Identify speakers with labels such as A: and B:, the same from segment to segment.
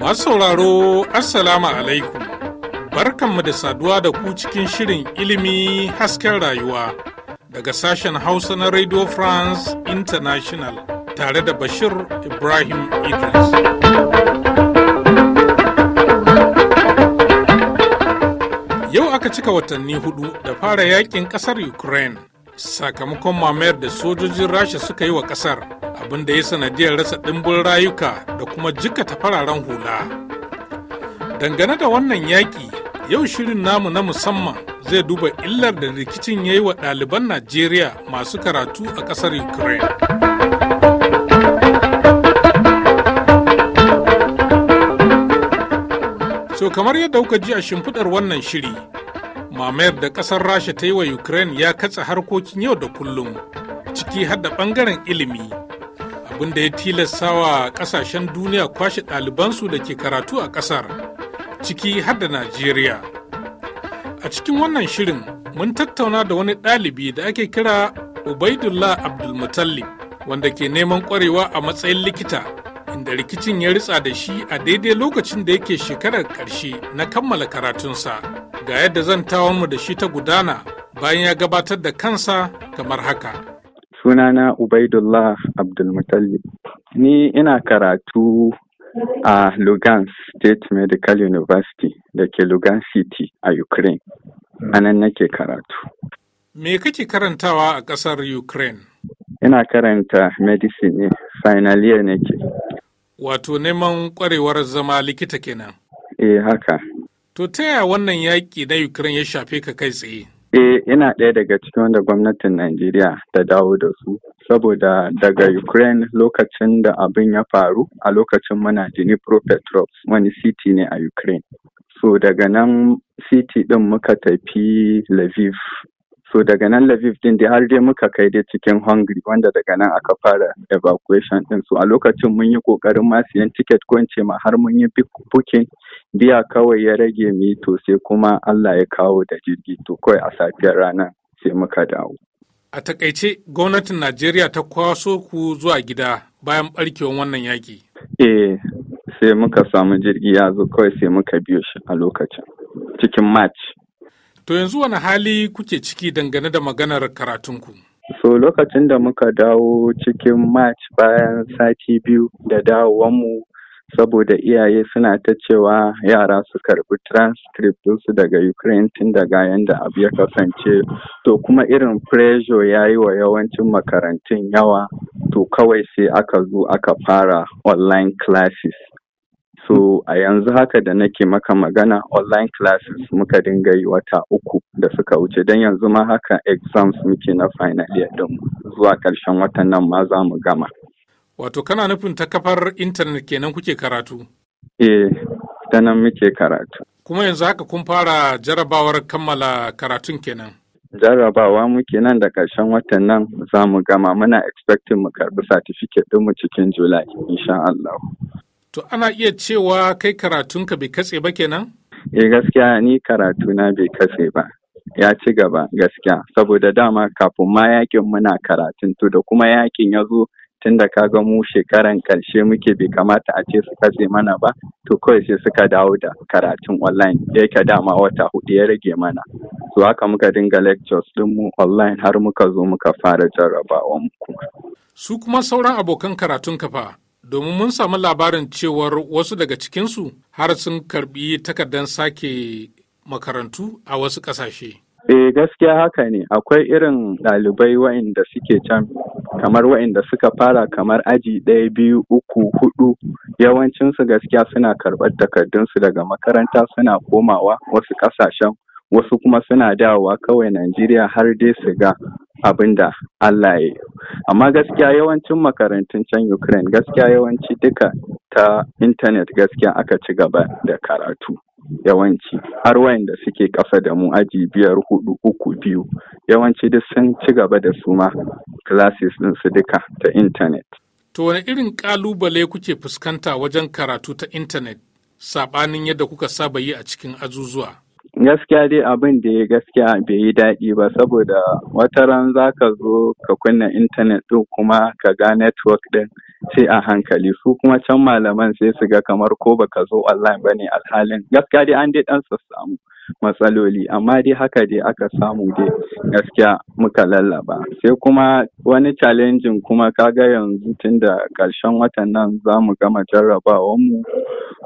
A: Masu sauraro Assalamu alaikum barkanmu da saduwa da ku cikin shirin ilimi hasken rayuwa daga sashen Hausa na Radio France International tare da Bashir Ibrahim Idris. Yau aka cika watanni hudu da fara yakin kasar Ukraine. sakamakon mamayar da sojojin rasha suka yi wa kasar abinda ya sanadiyar rasa ɗimbin rayuka da kuma jikata fararen hula dangane da wannan yaƙi yau shirin namu na musamman zai duba illar da rikicin ya yi wa ɗaliban najeriya masu karatu a ƙasar ukraine so kamar yadda kuka ji a shimfiɗar wannan shiri mamayar da ƙasar rasha ta yi wa ukraine ya katsa harkokin yau da kullum ciki hada bangaren ilimi abinda ya tilasta wa ƙasashen duniya kwashe ɗalibansu da ke karatu a ƙasar ciki hada najeriya a cikin wannan shirin mun tattauna da wani ɗalibi da ake kira ubaidullah abdulmutallib wanda ke neman ƙwarewa a matsayin likita inda rikicin ya ritsa da shi a daidai lokacin da yake shekarar ƙarshe na kammala karatunsa. ga yadda zan tawonmu da shi ta gudana bayan ya gabatar da kansa kamar haka.
B: Sunana Ubaidullah Abdulmutalli.
A: Ni ina
B: karatu a Lugansk State Medical University da ke Lugansk City a Ukraine. A nan nake karatu.
A: Me kake karantawa a ƙasar Ukraine?
B: Ina karanta medicine ne, final year nake.
A: Wato neman ƙwarewar zama likita kenan.
B: Eh haka.
A: To ta yaya wannan yaƙi na Ukraine ya shafe ka kai tsaye?
B: Eh, ina ɗaya daga cikin wanda gwamnatin Najeriya ta dawo da su. Saboda daga Ukraine lokacin da abin ya faru a lokacin muna Dnipropetrovsk wani city ne a Ukraine. So daga nan city ɗin muka tafi Lviv so daga nan Lviv din da har dai muka kai dai cikin Hungary wanda daga nan aka fara evacuation din su, a lokacin mun yi kokarin ma siyan ticket ko ce ma har mun yi booking biya kawai ya rage mi to sai kuma Allah ya kawo da jirgi to kawai a safiyar rana sai muka dawo
A: a takaice gwamnatin Najeriya ta kwaso ku zuwa gida bayan barkewar wannan yaki
B: eh sai muka samu jirgi ya zo kawai sai muka biyo shi a lokacin cikin march
A: To yanzu wani hali kuke ciki dangane da maganar karatunku?
B: So lokacin da muka dawo cikin March bayan sati biyu da dawowanmu saboda iyaye suna ta cewa yara su karbi transcript su daga Ukraine tun daga yanda abu ya kasance to kuma irin pressure ya yi wa yawancin makarantun yawa to kawai sai aka zo aka fara online classes So a yanzu haka da nake maka magana online classes muka dinga yi wata uku da suka wuce don yanzu ma haka exams muke na final year din zuwa ƙarshen watan nan ma za mu gama.
A: Wato kana nufin ta kafar intanet kenan kuke karatu?
B: Eh, ta nan muke karatu.
A: Kuma yanzu haka kun fara jarabawar kammala karatun kenan?
B: Jarabawa muke nan da ƙarshen watan nan za mu gama muna expecting mu karɓi certificate mu cikin July, insha Allah.
A: To ana iya cewa kai karatunka bai katse ba kenan?
B: Eh gaskiya ni karatuna bai katse ba. Ya ci gaba gaskiya saboda dama kafin ma yakin muna karatun to da kuma yakin ya zo tun da kaga mu shekaran karshe muke bai kamata a ce su katse mana ba to kawai sai suka dawo da karatun online da yake dama wata hudu ya rage mana to haka muka dinga lectures din mu online har muka zo muka fara jarrabawa mu
A: su kuma sauran abokan karatun kafa. domin mun samu labarin cewar wasu daga cikinsu har sun karbi takardar sake makarantu a wasu ƙasashe.
B: Eh gaskiya haka ne akwai irin ɗalibai wa'inda suke can kamar wa'inda suka fara kamar aji ɗaya biyu uku hudu yawancinsu gaskiya suna karɓar takardunsu daga makaranta suna komawa wasu ƙasashen wasu kuma suna dawowa kawai Najeriya har dai su ga abin da Allah ya yi amma gaskiya yawancin makarantun can Ukraine gaskiya yawanci duka ta intanet gaskiya aka ci gaba da karatu yawanci har wayanda suke ƙasa da mu aji biyar hudu uku biyu yawanci duk sun ci gaba da su ma classes din su duka ta intanet.
A: To wani irin ƙalubale kuke fuskanta wajen karatu ta intanet saɓanin yadda kuka saba yi a cikin azuzuwa?
B: gaskiya dai abin da ya gaskiya bai yi daɗi ba saboda wata ran za ka zo ka kunna intanet ɗin kuma ka ga network ɗin sai a hankali su kuma can malaman sai su ga kamar ko baka zo online ba ne alhalin gaskiya dai an dai ɗan samu. matsaloli amma dai haka dai aka samu dai gaskiya muka lallaba sai kuma wani challenging kuma kaga yanzu tunda karshen watan nan za mu gama mu.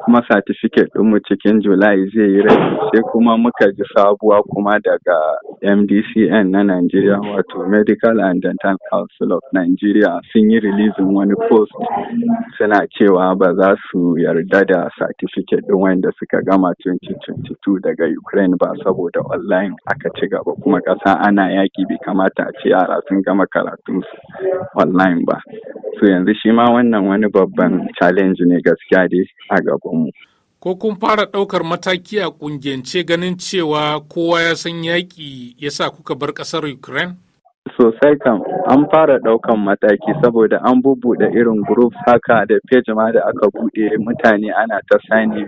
B: kuma certificate ɗinmu cikin july zai yi rai sai kuma muka ji sabuwa kuma daga MDCN na Nigeria wato Medical and Dental Council of Nigeria sun yi releasing wani post suna cewa ba za su yarda da certificate ɗin wanda suka gama 2022 daga uk Ukraine ba saboda online aka ci gaba kuma ƙasa ana yaƙi bai kamata a ce yara sun gama karatun online ba. So yanzu shi ma wannan wani babban challenge ne gaskiya dai a gabanmu.
A: Ko kun fara ɗaukar mataki a ƙungiyance ganin cewa kowa ya san yaƙi ya sa kuka bar ƙasar Ukraine?
B: sosai kam an fara ɗaukar mataki saboda an bubuɗe irin group haka da page ma da aka buɗe mutane ana ta sani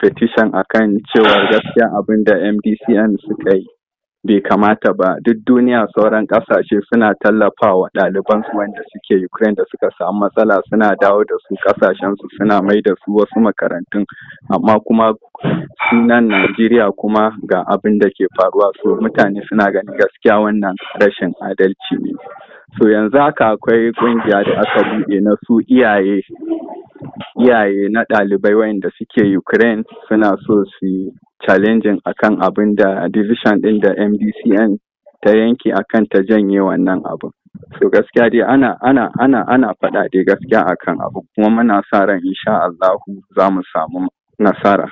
B: petition akan cewa gaskiya abin da MDCN suka yi bai kamata ba duk duniya sauran kasashe suna tallafawa ɗaliban su wanda suke Ukraine da suka samu matsala suna dawo da su kasashen su suna mai da su wasu makarantun amma kuma sunan Najeriya kuma ga abin da ke faruwa so mutane suna ganin gaskiya wannan rashin adalci ne so yanzu haka akwai kungiya da aka buɗe na su iyaye iyaye na ɗalibai wa'inda suke Ukraine suna so su yi challenging akan abin da division ɗin da MDCN ta yanke akan ta janye wannan abin. So gaskiya dai ana ana ana ana faɗa dai gaskiya akan abu kuma muna sa ran insha Allahu za mu samu nasara.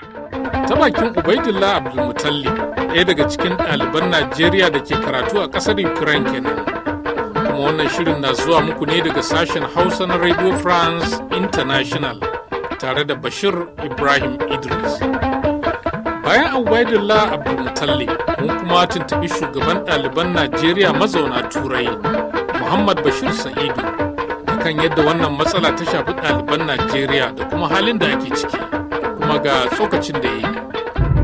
A: Ta bakin Ubaidullah Abdulmutalli ɗaya daga cikin ɗaliban Najeriya da ke karatu a ƙasar Ukraine kenan. kuma wannan shirin na zuwa muku ne daga sashen Hausa na Radio France International tare da Bashir Ibrahim Idris. Bayan Ubaidullah Abdulmutalle mun kuma tuntuɓi shugaban ɗaliban Najeriya mazauna Turai, Muhammad Bashir Sa'idu, kan yadda wannan matsala ta shafi ɗaliban Najeriya da kuma halin da ake ciki, kuma ga tsokacin da ya yi.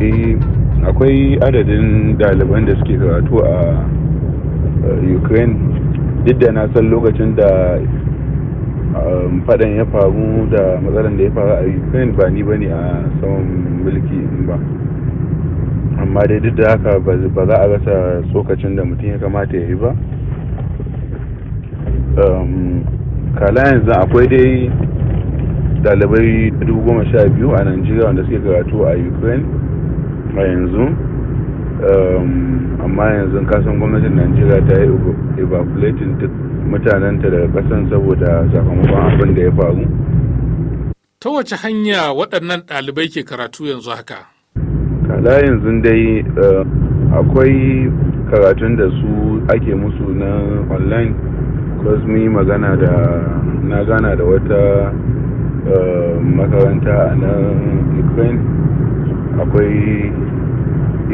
A: Eh,
C: akwai adadin ɗaliban da suke karatu a eh, Ukraine duk da na san lokacin da um, fadan ya faru da matsalar da ya faru a ukraine ba ni ba ne a saman mulki ba amma dai duk da haka ba za a rasa tsokacin da mutum ya kamata ya yi ba um, kala yanzu akwai dai dalibai 12,000 a najeriya wanda suke karatu a ukraine a yanzu Um, amma yanzu kasan gwamnatin najeriya ta yi evacuating duk mutanenta daga kasan saboda sakamakon abin da ya faru
A: ta wace hanya waɗannan ɗalibai ke karatu yanzu haka
C: kala yanzu dai uh, akwai karatun da su ake musu na online cross magana da na gana da wata uh, makaranta a nan ukraine akwai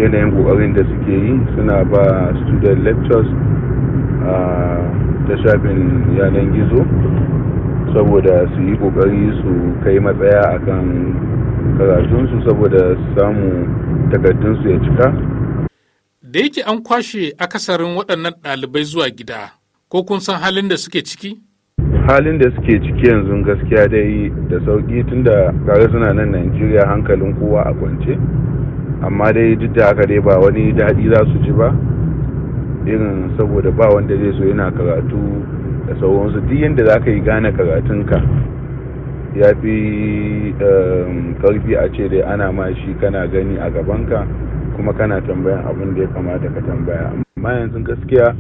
C: yanayin kokarin da suke yi suna ba student lectures a ta shafin yanar gizo saboda su yi kokari su kai matsaya akan karatunsu saboda samu takardunsu ya
A: cika da yake an kwashe akasarin waɗannan ɗalibai zuwa gida ko kun san halin da suke ciki
C: halin da suke ciki yanzu gaskiya dai da sauƙi tunda kare suna nan najeriya hankalin kowa a kwance amma dai duk da haka dai ba wani daɗi za su ji ba irin saboda ba wanda zai so yana karatu da sauransu duk yadda za ka yi gane karatunka ya fi karfi ehm, a ce dai ana ma shi kana gani a gabanka kuma kana tambayan abin da ya kamata ka tambaya amma yanzu gaskiya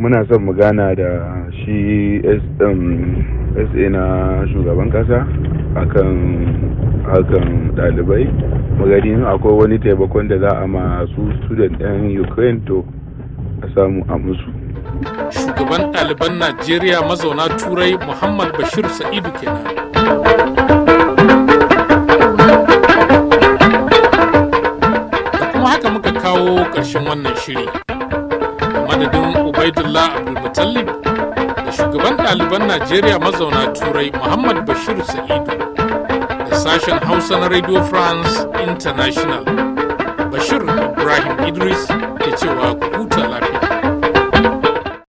C: muna son mu gana da shi sa um, na shugaban kasa akan ɗalibai dalibai magani akwai wani taimakon da za a masu student ɗan ukraine to a samu a musu
A: shugaban ɗaliban najeriya mazauna turai muhammad bashir sa'idu kenan da kuma haka muka kawo ƙarshen wannan shiri madadin ubaidullah Abdulmutalli da shugaban ɗaliban najeriya mazauna turai muhammad bashir sa'idu da sashen hausa na radio france international bashir ibrahim idris ke cewa ku huta lafiya